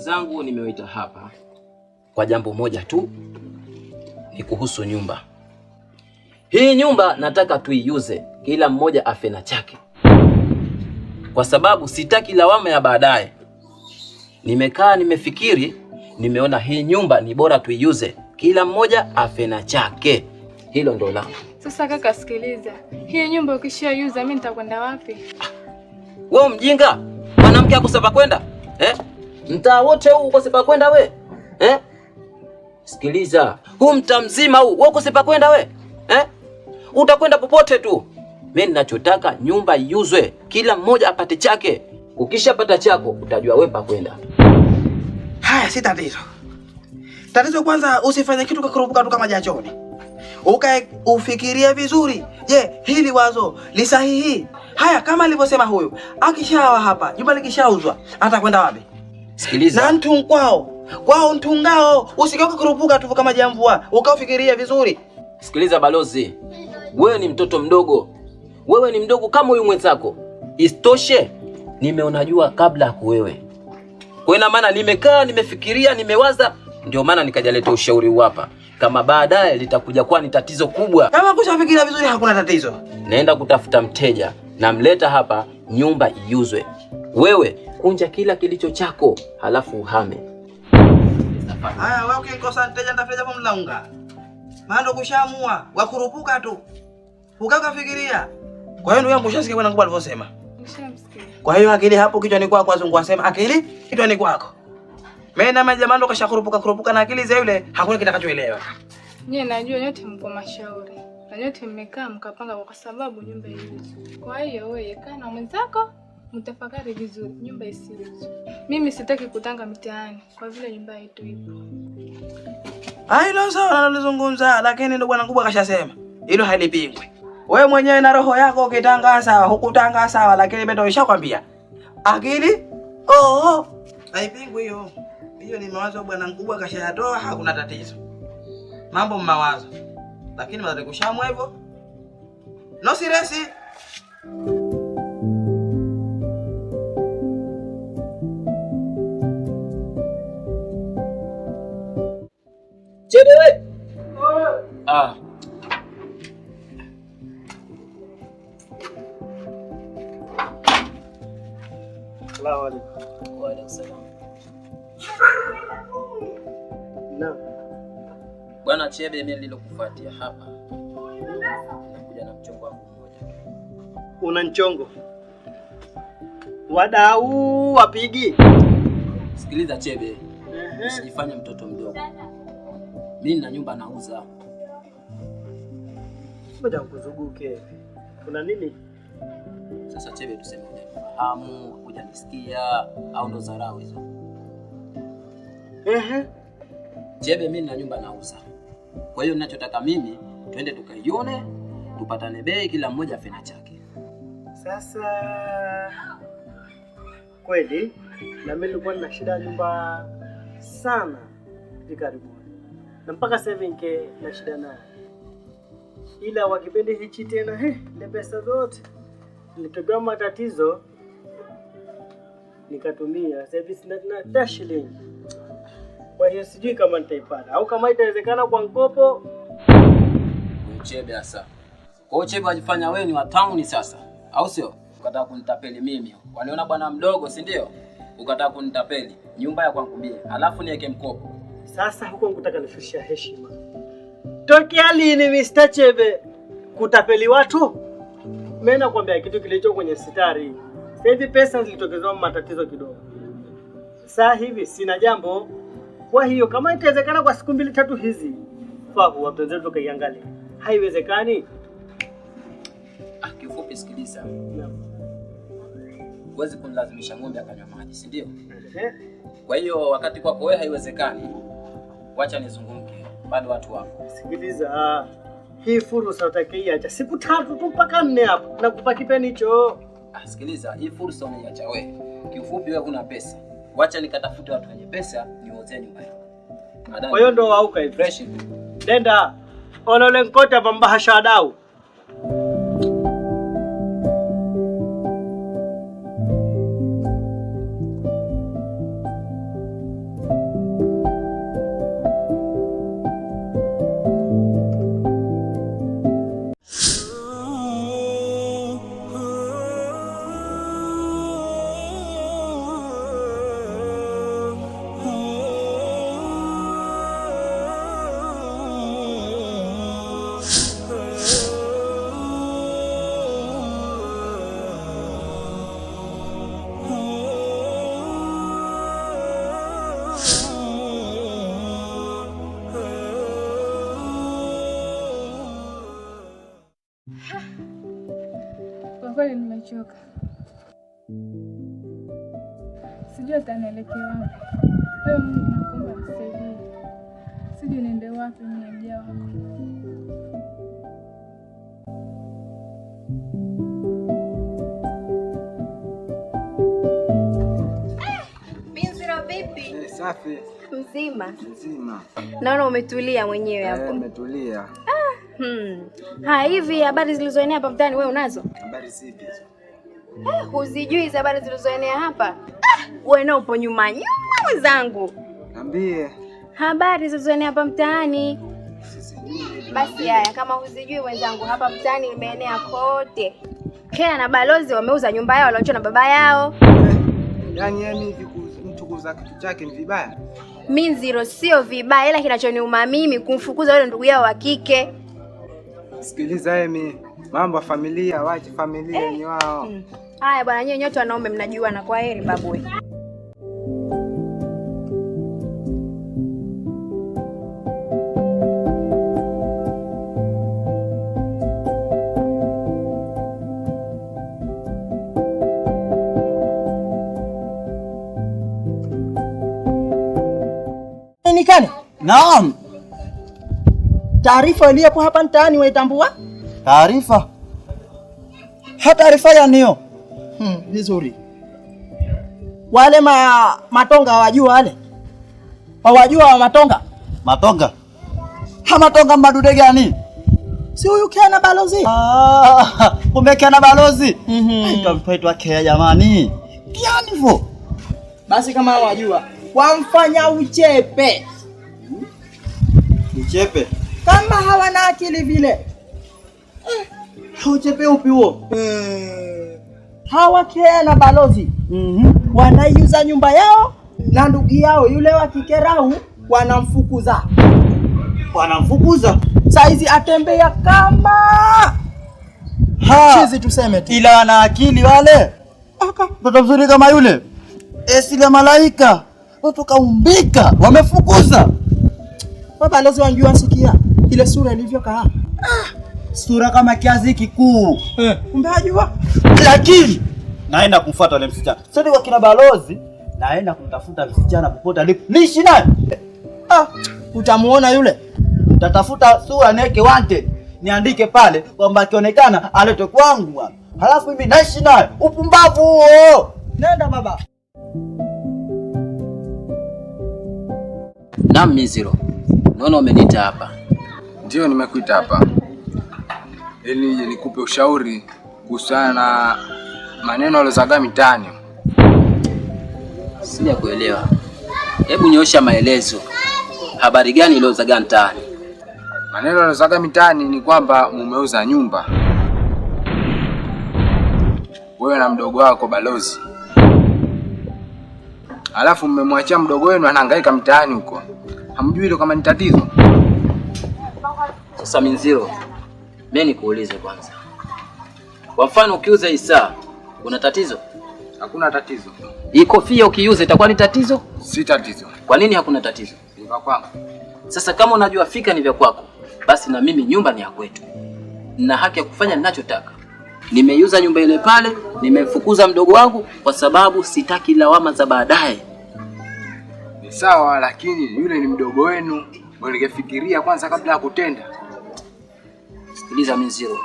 zangu, nimewaita hapa kwa jambo moja tu, ni kuhusu nyumba hii. Nyumba nataka tuiuze, kila mmoja afe na chake, kwa sababu sitaki lawama ya baadaye. Nimekaa nimefikiri, nimeona hii nyumba ni bora tuiuze, kila mmoja afe na chake. Hilo ndo la Sasa kaka, sikiliza, hii nyumba ukishaiuza, mimi nitakwenda wapi? Ah, wewe mjinga, mwanamke akusapa kwenda eh? mtaa wote huu ukose pa kwenda we eh? Sikiliza, huu mtaa mzima huu wewe uko sipa kwenda we eh? Utakwenda popote tu. Mimi ninachotaka nyumba iuzwe, kila mmoja apate chake. Ukishapata chako utajua wewe pa kwenda. Haya, si tatizo. Tatizo kwanza, usifanye kitu kakurupuka tu kama jachoni, ukae ufikirie vizuri. Je, hili wazo lisahihi? Haya, kama alivyosema huyu, akishawa hapa, jumba likishauzwa, atakwenda wapi? Sikiliza. Na ntu nkwao kwao ntungao, usigeuke kurupuka tu kama jamvua, ukaufikiria vizuri. Sikiliza balozi, wewe ni mtoto mdogo, wewe ni mdogo kama huyu mwenzako. istoshe nimeona jua kabla ya kuwewe, kwa ina maana nimekaa, nimefikiria, nimewaza, ndio maana nikajaleta ushauri wapa hapa, kama baadaye litakuja kuwa ni tatizo kubwa. Kama kushafikiria vizuri, hakuna tatizo. Naenda kutafuta mteja, namleta hapa, nyumba iuzwe. Wewe kunja kila kilicho chako, halafu uhame. Haya, wewe ukikosa mteja nitafuta kwa mlaunga. Maana ndo kushaamua wakurupuka tu. Ukaka fikiria. Kwa hiyo ndio yangu ushasikia bwana ngumba alivyosema. Kwa hiyo akili hapo kichwa ni kwako azungu asema akili kichwa ni kwako. Mimi na majamaa ndo kashakurupuka kurupuka na akili za yule hakuna kitakachoelewa. Nyie najua nyote mko mashauri. Na nyote mmekaa mkapanga kwa sababu nyumba hii. Kwa hiyo wewe kaa na mwenzako mtafakari vizuri, nyumba isiuzwe. Mimi sitaki kutanga mtaani kwa vile nyumba yetu ipo. Hilo sawa nalozungumza, lakini ndugu bwana kubwa kashasema hilo halipingwi. Wewe mwenyewe na roho yako ukitanga sawa, hukutanga sawa, lakini mimi ndo nishakwambia akili oh, haipingwi hiyo. Hiyo ni mawazo bwana mkubwa kashayatoa, hakuna tatizo. Mambo mawazo, lakini mazote kushamwa hivyo no siresi Usiendelee. Ah. Salamu alaykum. Wa alaykum salaam. Naam. Bwana Chebe, mimi nilokufuatia hapa nakuja na mchongo wangu mmoja. Una mchongo? Wadau wapigi. Sikiliza Chebe. Usijifanye mtoto mdogo mimi nina nyumba nauza. Ngoja ukuzunguke. Kuna nini? Sasa Chebe, tuseme hujanifahamu, hujanisikia au ndo dharau hizo? Ehe. Chebe, mimi nina nyumba nauza. Kwa hiyo ninachotaka mimi twende tukaione, tupatane bei, kila mmoja afena chake. Sasa kweli na mimi nilikuwa na shida ya nyumba sana hivi karibuni na mpaka 7 nke na shida nayo, ila wakipende hichi tena he, eh, ile pesa zote nilitokea matatizo nikatumia, sasa hivi sina hata shilingi. Kwa hiyo sijui kama nitaipata au kama itawezekana kwa mkopo. Uchebe sasa, kwa uchebe wajifanya wewe ni watauni sasa, au sio? Ukataka kunitapeli mimi, waniona bwana mdogo, si ndio? Ukataka kunitapeli nyumba ya kwangu mimi, alafu niweke mkopo sasa huko nkutaka nishushia heshima. Tokea lini Mr. Chebe kutapeli watu? Mimi nakwambia kitu kilicho kwenye sitari. Sasa hivi pesa zilitokezwa matatizo kidogo. Sasa hivi sina jambo. Kwa hiyo kama itawezekana kwa siku mbili tatu hizi, fahu watu wenzetu tukaiangalia. Haiwezekani. Ah, kifupi sikiliza. Huwezi kumlazimisha ng'ombe akanywa maji, si ndio? Kwa hiyo wakati kwako wewe haiwezekani wacha nizunguke, bado watu wako. Sikiliza ah, hii fursa utakayoiacha siku tatu tu mpaka nne hapo, nakupa kipeni hicho. Ah, sikiliza hii fursa unaiacha wewe. Kiufupi wewe kuna pesa, wacha nikatafute watu wenye pesa niwauzee nyumbani. Kwa hiyo ndo wauka fresh. nenda Ona nkota pamba dau nimechoka, sijui hata nielekee wapi. Wewe Mungu nakuomba nisaidie, sijui niende wapi mnajia wako ah, eh, Safi. Mzima. Mzima. Naona umetulia mwenyewe eh, hapo. Eh, Umetulia. Hmm. hivi habari zilizoenea hapa mtaani wewe unazo? Habari zipi Eh, huzijui hizo habari zilizoenea hapa? Ah, wewe na upo nyuma nyuma mwenzangu. Niambie. Habari zilizoenea hapa mtaani. Basi haya, kama huzijui mwenzangu, hapa mtaani imeenea kote. Kea na Balozi wameuza nyumba yao walioachiwa na baba yao. Yaani yaani mtu kuuza kitu chake ni vibaya? Mimi sio vibaya, ila kinachoniuma mimi kumfukuza yule ndugu yao wa kike. Sikiliza Emi, mambo ya familia, wache familia eh, ni wao. Mm. Haya bwana, nyinyi nyote wanaume mnajua, na kwa heri babu. Naam taarifa iliyopo hapa mtaani waitambua? Taarifa ha taarifa yaniyo hmm, vizuri. Hmm, wale ma, matonga wajua, wale wawajua wa matonga matonga ha matonga madude gani? Si huyu kiana balozi? Ah, kumbe kiana balozi kamfaitwa mhm. kea jamani, vo. basi, kama wajua wamfanya uchepe uchepe kama hawana akili vile upi huo hmm. Hawa Hawakea na balozi mm -hmm. Wanaiuza nyumba yao na ndugu yao yule wa Kikerau wanamfukuza, wanamfukuza saizi atembea kama chizi, tuseme tu, ila ana akili wale mtoto mzuri kama yule esila malaika watu kaumbika, wamefukuza wabalozi wanjua sikia ile sura ilivyokaa. Ah, sura kama kiazi kikuu eh. Kumbe hajua, lakini naenda kumfuata yule msichana sote Kwa kina balozi naenda kumtafuta msichana popote alipo, niishi naye ah. Utamuona yule, utatafuta sura neke wante niandike pale kwamba akionekana alete kwangu, halafu mimi naishi naye. Upumbavu huo! Nenda baba. Naam, Miziro, naona umeniita hapa ndio, nimekuita hapa ili nije nikupe ushauri kuhusiana na maneno aliyozagaa mitaani. Sija kuelewa, hebu nyosha maelezo. Habari gani iliyozagaa mtaani? Maneno aliozaga mitaani ni kwamba mumeuza nyumba wewe na mdogo wako Balozi, alafu mmemwachia mdogo wenu anahangaika mtaani huko, hamjui hilo kama ni tatizo? Sasa Minziro, mimi nikuulize kwanza, kwa mfano ukiuza hii saa kuna tatizo? Hakuna tatizo. Hii kofia ukiuza itakuwa ni tatizo? Si tatizo. Kwa nini hakuna tatizo? Ni vya kwangu. Sasa kama unajua fika ni vya kwako, basi na mimi nyumba ni ya kwetu, na haki ya kufanya ninachotaka. Nimeiuza nyumba ile pale, nimemfukuza mdogo wangu kwa sababu sitaki lawama za baadaye. Ni sawa, lakini yule ni mdogo wenu, ningefikiria kwanza kabla ya kutenda. Sikiliza Minziro,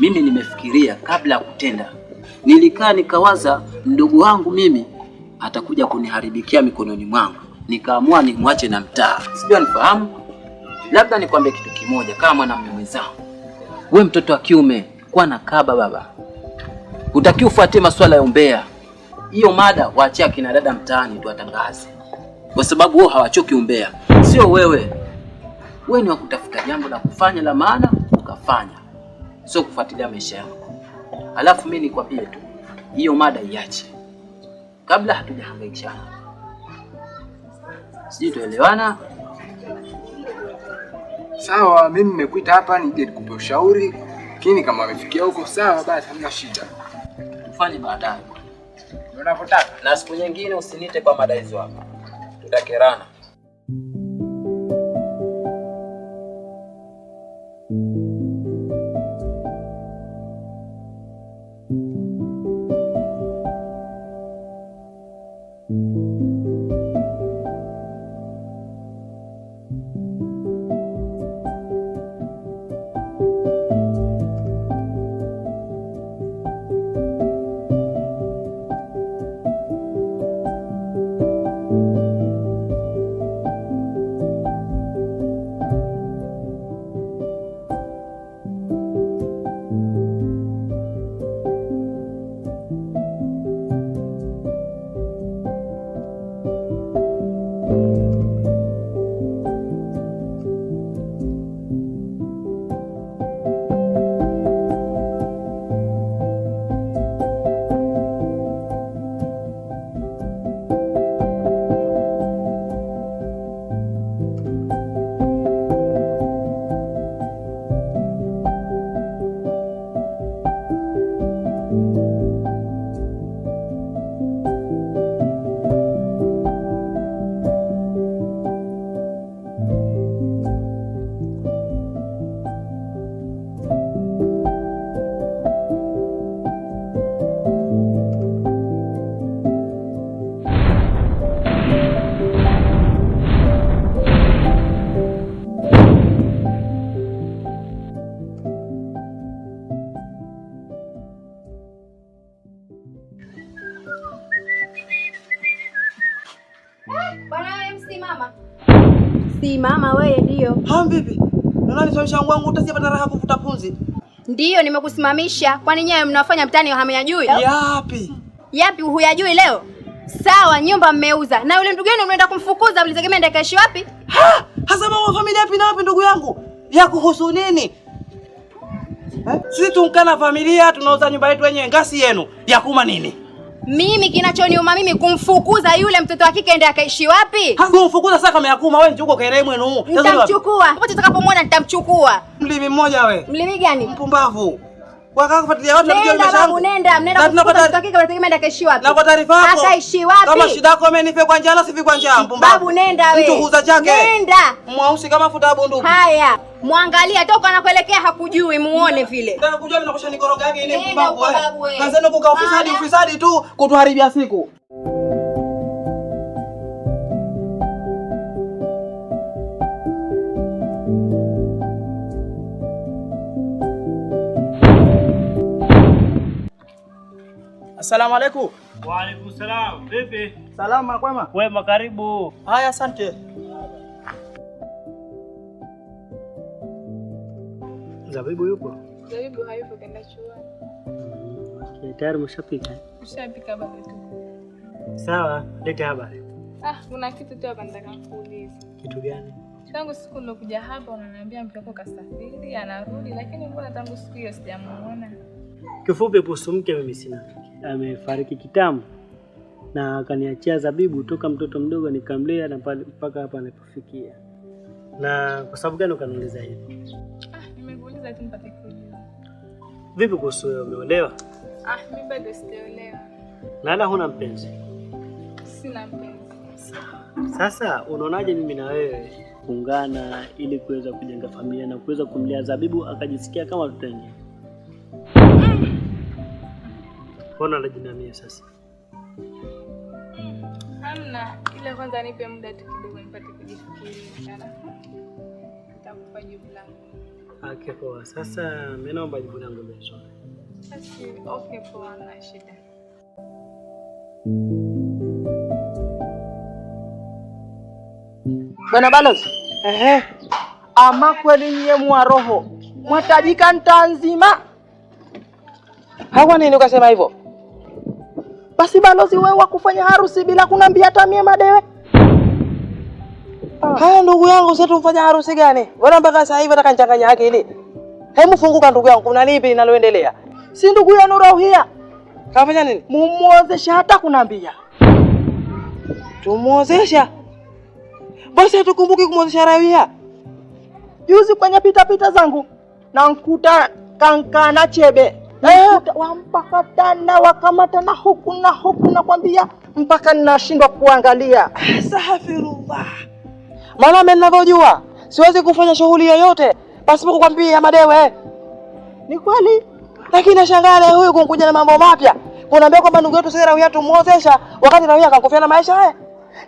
mimi nimefikiria kabla ya kutenda. Nilikaa nikawaza, mdogo wangu mimi atakuja kuniharibikia mikononi mwangu, nikaamua nimwache na mtaa, sijui anifahamu. Labda nikwambie kitu kimoja, kama mwanamume mwenzangu, we mtoto wa kiume kuwa na kaba baba, utaki ufuatie masuala ya umbea. Hiyo mada waachia akina dada mtaani tuwatangaze, kwa sababu wao hawachoki umbea, sio wewe. Wewe ni kutafuta jambo la kufanya la maana ukafanya, sio kufuatilia maisha yako. Alafu mimi nikwambie tu, hiyo mada iache kabla hatujahangaisha Sijui tuelewana? Sawa, mimi nimekuita hapa nije nikupe ushauri, lakini kama amefikia huko sawa, basi hamna shida, tufanye baadaye unavyotaka, na siku nyingine usinite kwa mada hizo hapa, tutakerana. mapuzi? Ndiyo, nimekusimamisha. Kwani nyewe mnafanya mtani hamyajui? Yapi yapi huyajui leo? Sawa, nyumba mmeuza na yule ndugu yenu mnaenda kumfukuza, mlitegemea ndakaishi wapi? Hasa mama familia yapi na wapi? Ndugu yangu ya kuhusu nini? Eh? Sisi tunkana familia, tunauza nyumba yetu wenyewe ngasi yenu ya kuma nini? Mimi kinachoniuma mimi kumfukuza yule mtoto wa kike, ende akaishi wapi? kumfukuza sasa, kama yakuma wewe njuko kairae mwenu. Nitamchukua. Hapo tutakapomwona nitamchukua. Mlimi mmoja wewe. Mlimi gani? Mpumbavu. Kwa kama shida yako mimi nife kwa njala sifi kwa njaa. Babu Mtu huza chake. Mwausi kama futa bunduki. Haya. Mwangalia toka anakuelekea hakujui muone vile. ufisadi eh. ufisadi tu kutuharibia siku. Asalamu alaikum Wa alaikum salam. Vipi? Salama kwema? Kwema, karibu. Haya, asante. Zabibu yupo? Zabibu hayupo, kaenda chuoni. Mm, tayari mshapika? Mshapika bado tu. Sawa, leta habari. Ah, kuna kitu tu hapa nataka kuuliza. Kitu gani? Tangu siku nilokuja hapa unaniambia mke wako kasafiri, anarudi lakini mbona tangu siku hiyo sijamuona? Kifupi kuhusu mke mimi sina amefariki kitambo na akaniachia zabibu toka mtoto mdogo nikamlea na mpaka hapa alipofikia. Na kwa sababu gani ukaniuliza hivyo? Ah, Vipi kuhusu wewe, umeolewa? Ah, mimi bado sijaolewa. Na wala huna mpenzi? Sina mpenzi. Sasa unaonaje mimi na wewe kuungana ili kuweza kujenga familia na kuweza kumlea Zabibu akajisikia kama tutaingia Mbona anajinamia sasa? Hamna, ila kwanza nipe muda tu kidogo nipate kujifikiria. Nitakupa jibu langu. Okay, poa. Sasa mimi naomba jibu langu leo. Basi, okay poa, na shida. Bwana Balozi. Ehe. Ama kweli nyie mwa roho mwatajika ntanzima. Hawa nini ukasema hivyo? Basi balozi wewe wa kufanya harusi bila kunambia hata mie madewe. Ah. Haya ndugu yangu sasa tumfanya harusi gani? Bora mpaka sasa hivi nataka nichanganya akili. Hebu funguka ndugu yangu kuna nini linaloendelea? Si ndugu yenu Rauhia. Kafanya nini? Mumuozesha hata kunambia. Tumuozesha. Basi tukumbuki kumuozesha rawia Juzi kwenye pita pita zangu na nkuta kankana chebe eh, wampaka tana wakamata na huku na huku, nakwambia mpaka ninashindwa kuangalia. Astaghfirullah, maana mimi ninavyojua siwezi kufanya shughuli yoyote pasipo kukwambia Madewe. Ni kweli, lakini nashangaa leo huyu kunkuja na mambo mapya, kunaambia kwamba ndugu yetu Rawia tumuozesha, wakati Rawia akakufia na maisha haya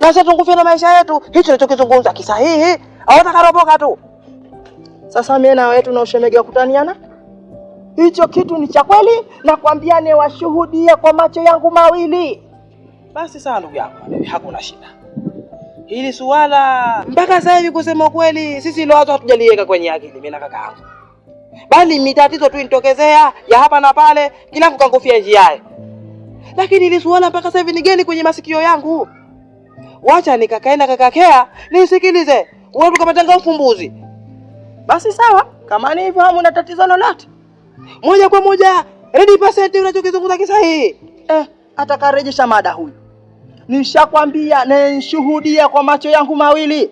na sasa tungufia na maisha yetu. Hicho ndicho kizungumza kisahihi, hawatakaropoka tu. Sasa mimi na wewe tuna ushemege wa kutaniana hicho kitu ni cha kweli, na kwambia niwashuhudie kwa macho yangu mawili. Basi sawa, ndugu yangu, hakuna shida hili suala. Mpaka sasa hivi kusema kweli, sisi ndio watu hatujaliweka kwenye akili, mimi na kaka yangu, bali mitatizo tu initokezea ya hapa na pale, kila kukangufia njiaye, lakini hili suala mpaka sasa hivi ni geni kwenye masikio yangu. Wacha nikakae na kakakea nisikilize, wewe tukamatanga ufumbuzi. Basi sawa, kama ni hivyo, hamuna tatizo lolote moja kwa moja ready percent unachokizungumza kisahihi. Eh, atakarejesha mada huyu, nishakwambia na nishuhudia kwa macho yangu mawili.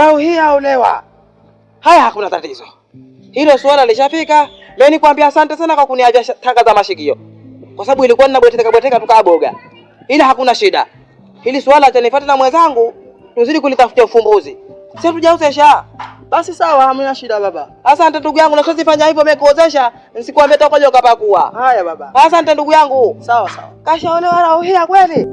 Au hii au Haya, hakuna tatizo, hilo suala lishafika. Mimi nikwambia asante sana kwa kuniavya tanga za mashikio, kwa sababu ilikuwa ninabweteka bweteka tukaboga, ila hakuna shida. Hili suala tanifuata na mwenzangu, tuzidi kulitafutia ufumbuzi, si tujauzesha basi sawa, hamna shida baba. Asante ndugu yangu, na hivyo mekuozesha, nisikuambia toka joka pakua. Haya baba. Asante ndugu yangu. Sawa sawa. Kashaolewa rauhia kweli?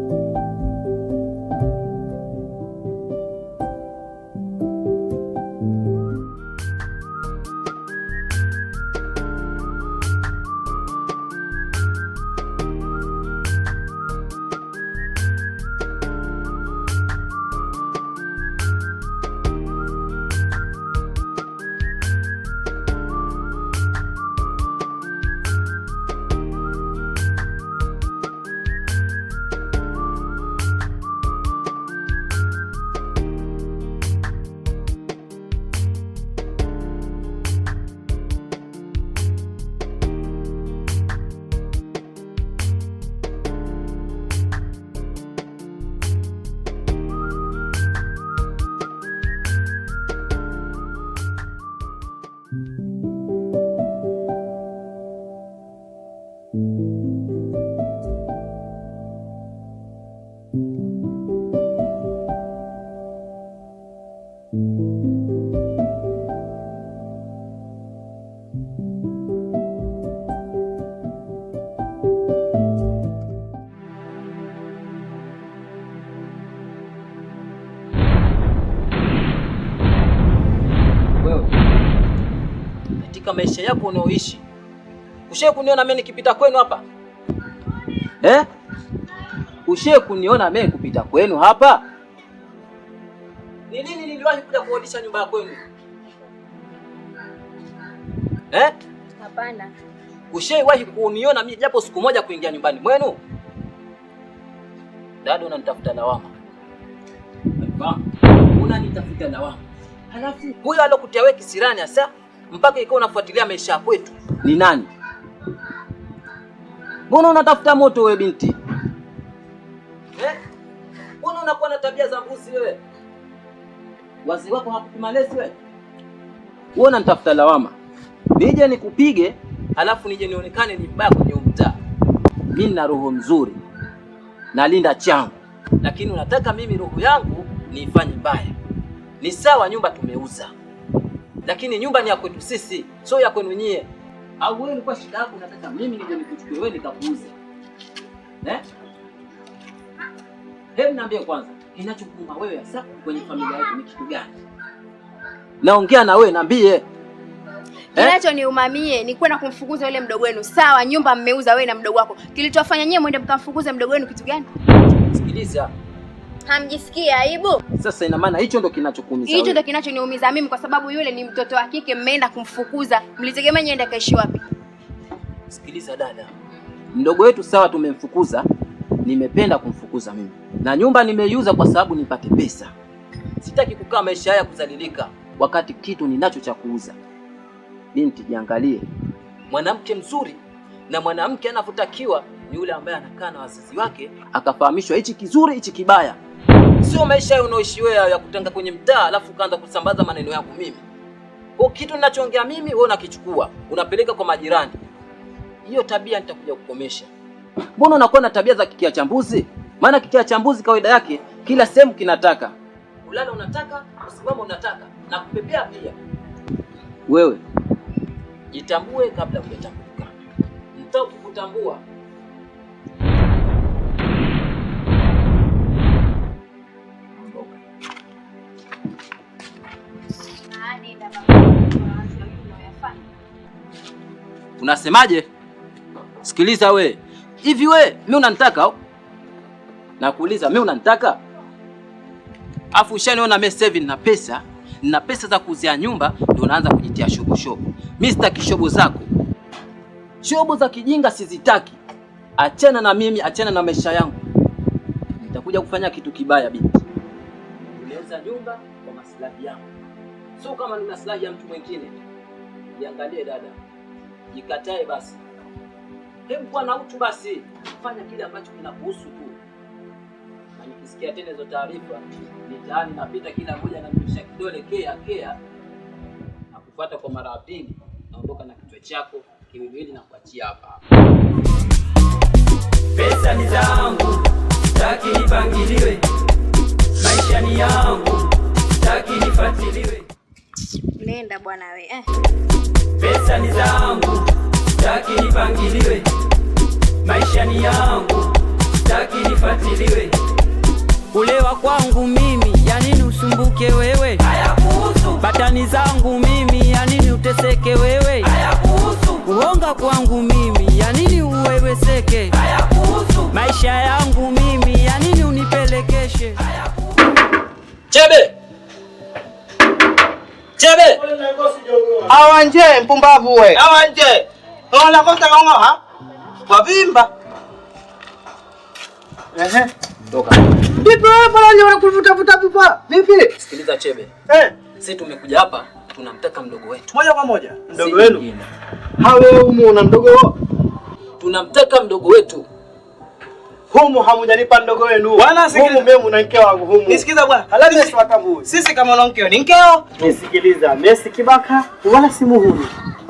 katika maisha yako unaoishi. Ushae kuniona mimi nikipita kwenu hapa eh? Ushae kuniona mimi kupita kwenu hapa? Ni nini niliwahi kuja kukodisha nyumba ya kwenu eh? Hapana. Ushaiwahi kuniona mimi japo siku moja kuingia nyumbani mwenu? Dada, unanitafuta lawama, unanitafuta lawama. Halafu huyo alokutia wewe kisirani hasa mpaka ikawa unafuatilia maisha ya kwetu ni nani? Mbona unatafuta moto wewe binti? Eh? Mbona eh? unakuwa na tabia za mbuzi wewe? Wazee wako hawakupima lesi wewe? Wewe unanitafuta lawama, nije nikupige halafu nije nionekane ni mbaya kwenye mtaa. Mimi nina roho nzuri, nalinda changu, lakini unataka mimi roho yangu niifanye mbaya. Ni sawa, nyumba tumeuza lakini nyumba ni ya kwetu sisi, sio ya kwenu nyie. Au wewe ulikuwa shida yako unataka mimi nije nikuchukue wewe nikakuuze? Eh? Hebu niambie kwanza, kinachokuuma wewe hasa kwenye familia yako ni kitu gani? Naongea na wewe niambie. Eh? Kinacho niumamie ni kwenda kumfukuza yule mdogo wenu. Sawa, nyumba mmeuza wewe na mdogo wako. Kilichofanya nyie mwende mkamfukuze mdogo wenu kitu gani? Sikiliza hamjisikii aibu? Sasa ina maana hicho ndo kinachokuumiza hicho ndo kinachoniumiza mimi, kwa sababu yule ni mtoto wa kike, mmeenda kumfukuza. Mlitegemea niende kaishi wapi? Sikiliza dada mdogo wetu, sawa, tumemfukuza, nimependa kumfukuza mimi na nyumba nimeiuza kwa sababu nipate pesa. Sitaki kukaa maisha haya kuzalilika, wakati kitu ninacho cha kuuza. Binti, jiangalie, mwanamke mzuri na mwanamke anavyotakiwa ni yule ambaye anakaa na wazazi wake akafahamishwa hichi kizuri hichi kibaya Sio maisha hayo unaoishi wewe ya kutanga kwenye mtaa alafu ukaanza kusambaza maneno yangu mimi. Kwa kitu ninachoongea mimi wewe unakichukua, unapeleka kwa majirani. Hiyo tabia nitakuja kukomesha. Mbona unakuwa na tabia za kikia cha mbuzi? Maana kikia cha mbuzi kawaida yake kila sehemu kinataka. Ulala unataka, usimama unataka na kupepea pia. Wewe jitambue kabla hujatambuka. Mtaa kukutambua. Unasemaje? Sikiliza we, hivi we, mi unanitaka au? Nakuuliza, mi unanitaka? Afu ushaniona mimi sasa na pesa na pesa za kuzia nyumba, ndio unaanza kujitia shobo shobo. Mi sitaki shobo zako, shobo za kijinga sizitaki. Achana na mimi, achana na maisha yangu. Nitakuja kufanya kitu kibaya, binti. Uliweza nyumba kwa maslahi yangu, sio kama ni maslahi ya mtu mwingine. Niangalie dada jikatae basi, hebu kuwa na utu basi, fanya kile ambacho kinakuhusu tu. Na nikisikia tena hizo taarifa mitaani, napita kila mmoja anamnyosha kidole, kea kea, na kufuata kwa mara ya pili, naondoka na kichwa chako kiwiliwili na kuachia hapa. Pesa ni zangu, taki nipangiliwe, maisha ni yangu, taki nifatiliwe. Nenda bwana we eh. Pesa ni zangu, sitaki nipangiliwe. Maisha ni yangu, sitaki nifatiliwe. Kulewa kwangu mimi, ya nini usumbuke wewe? Hayakuhusu. Batani zangu mimi, ya nini uteseke wewe? Hayakuhusu. uonga kwangu mimi, ya nini uweweseke? Hayakuhusu. Maisha yangu mimi, ya nini unipelekeshe? Hayakuhusu. Chebe Awa nje mpumbavu we. Awa nje. ha? Kwa vimba. Ehe. Toka. Vipi wewe pala leo kuvuta vuta vipa? Vipi? Sikiliza Chebe. Eh, sisi tumekuja hapa tunamtaka mdogo wetu. Moja kwa moja. Mdogo wenu. Hawe umu na mdogo. Tunamtaka mdogo wetu humu hamujanipa ndogo wenu. Bwana sikiliza, mimi mna mke wangu humu. Nisikiza bwana. halafu sisi watambue Sisi kama na mkeo ni mkeo. Nisikiliza, Messi kibaka wala si muhuni.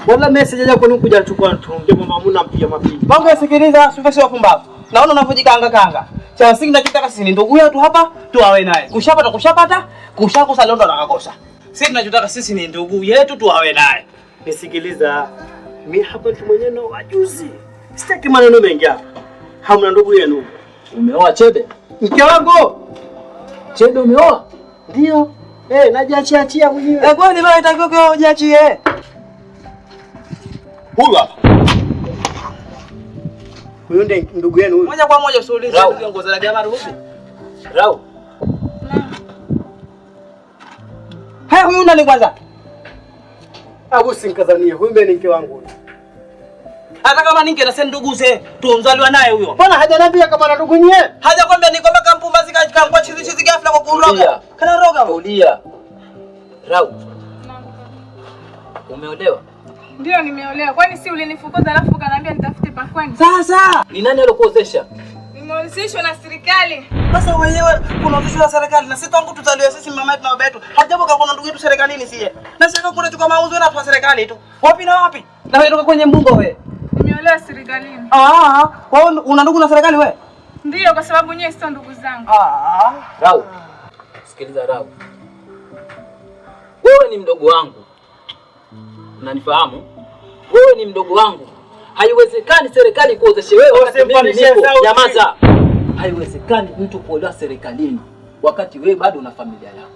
Wala Messi jaja kwenu kuja mtu ndio mama mna mpiga mapiga. Mambo yasikiliza, sio sio pumbavu. Naona unavojikanga kanga. Cha msingi nakitaka sisi ni ndugu yetu hapa tu awe naye. Kushapata kushapata, kushakosa leo na kakosa Sisi tunachotaka sisi ni ndugu yetu tu awe naye. Nisikiliza. Mimi hapa tu mwenyewe na wajuzi. Sitaki maneno mengi hapa hamna ndugu yenu? Umeoa Chebe? Mke wangu Chebe umeoa? Ndio. Eh, najiachiachia mwenyewe. Na eh, kwani wewe unatakiwa kwa ujiachie. Huyu hapa. Huyu ndiye ndugu yenu huyo. Moja kwa moja usiulize ndugu yangu za jamaa ruhusi. Rao. Hai, huyu nani kwanza? Abusi nikazania. Huyu ni mke wangu. Hata kama ninge na sasa ndugu ze tuonzaliwa naye huyo. Mbona hajaniambia kama na ndugu nye? Haja kwambia ni kwamba kampumbazi kwa chizi chizi ghafla kwa kuroga. Kana roga wewe. Ulia. Rau. Umeolewa? Ndio nimeolewa. Kwani si ulinifukuza alafu ukaniambia nitafute pa kwani? Sasa. Ni nani alikuozesha? Nimeozeshwa na serikali. Sasa wewe unaozeshwa na serikali na sisi tangu tutaliwa sisi mama yetu na baba yetu. Hajabu kwa kuna ndugu yetu serikalini siye. Na sasa kuna tukamauzwa na kwa serikali tu. Wapi na wapi? Na wewe kwenye mbungo wewe. Nalala serikalini. Ah, ah, ah. wewe una ndugu na serikali wewe? Ndio, kwa sababu nyewe sio ndugu zangu. Ah, ah, Rau. Sikiliza Rau. Wewe ni mdogo wangu. Unanifahamu? Wewe ni mdogo wangu. Haiwezekani serikali kuozeshe wewe wakati mimi nipo. Nyamaza. Haiwezekani mtu kuolewa serikalini wakati wewe bado una familia yako.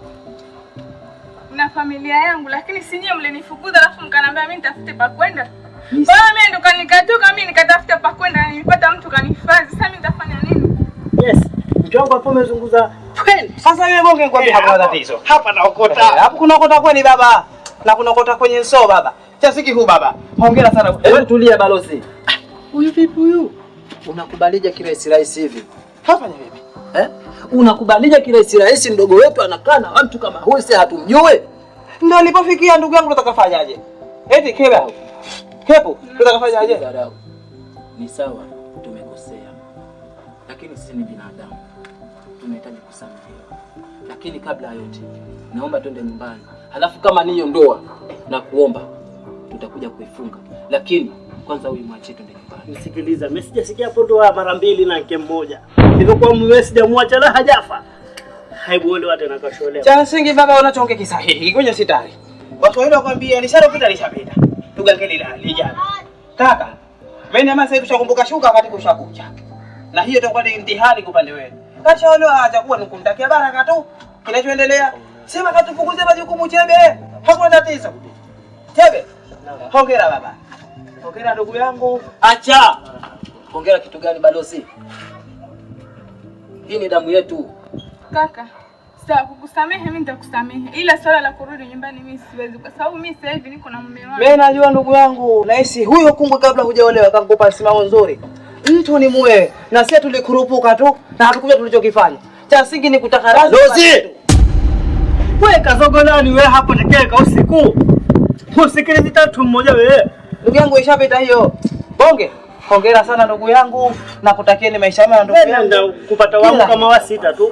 Na familia yangu, lakini si nyewe mlinifukuza alafu mkaniambia mimi nitafute pa kwenda. Bwana mimi ndo kanikatoka mimi nikatafuta pa kwenda nilipata mtu kanihifadhi. Sasa mimi nitafanya nini? Yes. Mtu wangu hapo amezunguza. Sasa yeye bonge nikwambia hapo tatizo. Eh, Hapa naokota. Eh, hapo kuna okota kweli baba. Na kuna okota kwenye nsoo baba. Chasiki huu baba. Hongera sana. Hebu eh, tulia balozi. Ah, huyu vipi huyu? Unakubalija kirahisi rahisi hivi? Hapa ni vipi? Eh? Unakubalija kirahisi rahisi mdogo wetu anakaa na watu kama huyu sasa hatumjui? Ndio nilipofikia ndugu yangu nataka fanyaje? Eti hapo pepo tunaweza kufanya aje? ni sawa, tumekosea, lakini sisi ni binadamu, tunahitaji kusamehewa. Lakini kabla ya yote, naomba twende nyumbani, halafu kama niyo ndoa na kuomba tutakuja kuifunga, lakini kwanza huyu mwache twende nyumbani. Nisikiliza, mimi sijasikia hapo ndoa mara mbili na mke mmoja, nilikuwa mwe sijamwacha la hajafa haibuolewa tena kasholewa. Cha msingi baba, unachoongea kisahihi kwenye sitari, watu wale wakwambia lishapita, lishapita tugange la lijana kaka mimi sasa hivi tushakumbuka shuka wakati kushakucha, na hiyo itakuwa ni mtihani kwa upande wenu. Kashaolewa atakuwa ni kumtakia baraka tu. Kinachoendelea sema katupunguze majukumu Chebe, hakuna tatizo. Chebe, hongera baba, hongera ndugu yangu. Acha hongera kitu gani balozi? Hii ni damu yetu kaka. Sawa, kukusamehe mimi nitakusamehe, ila swala la kurudi nyumbani mimi siwezi, kwa sababu mimi sasa hivi niko na mume wangu. Mimi najua ndugu yangu, nahisi huyo kungwe kabla hujaolewa kakupa msimamo nzuri. Mtu ni muwewe, na sisi tulikurupuka tu na hatukuja tulichokifanya cha msingi ni kutaka radhi. Lozi wewe kazogolani wewe hapo nikeka usiku usikilizi tatu mmoja wewe. Ndugu yangu ishapita hiyo bonge. Hongera sana ndugu yangu, na nakutakieni maisha mema ndugu yangu kupata wangu kama wa sita tu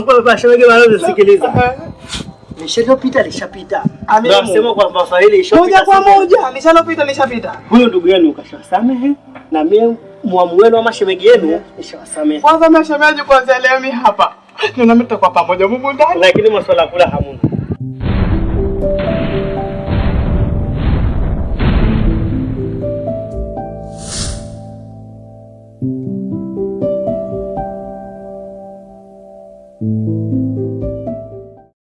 Mashabiki bado nishalopita Lishapita lishapita. Amesema kwamba faili ishapita. Moja kwa moja, lishalopita lishapita. Huyo ndugu yenu ukashasamehe na mimi mwamu wenu ama shemeji yenu eh, nishawasamehe. Kwanza mimi kwanza leo mimi hapa. Ndio na mtakuwa pamoja Mungu ndani. Lakini masuala kula hamuna.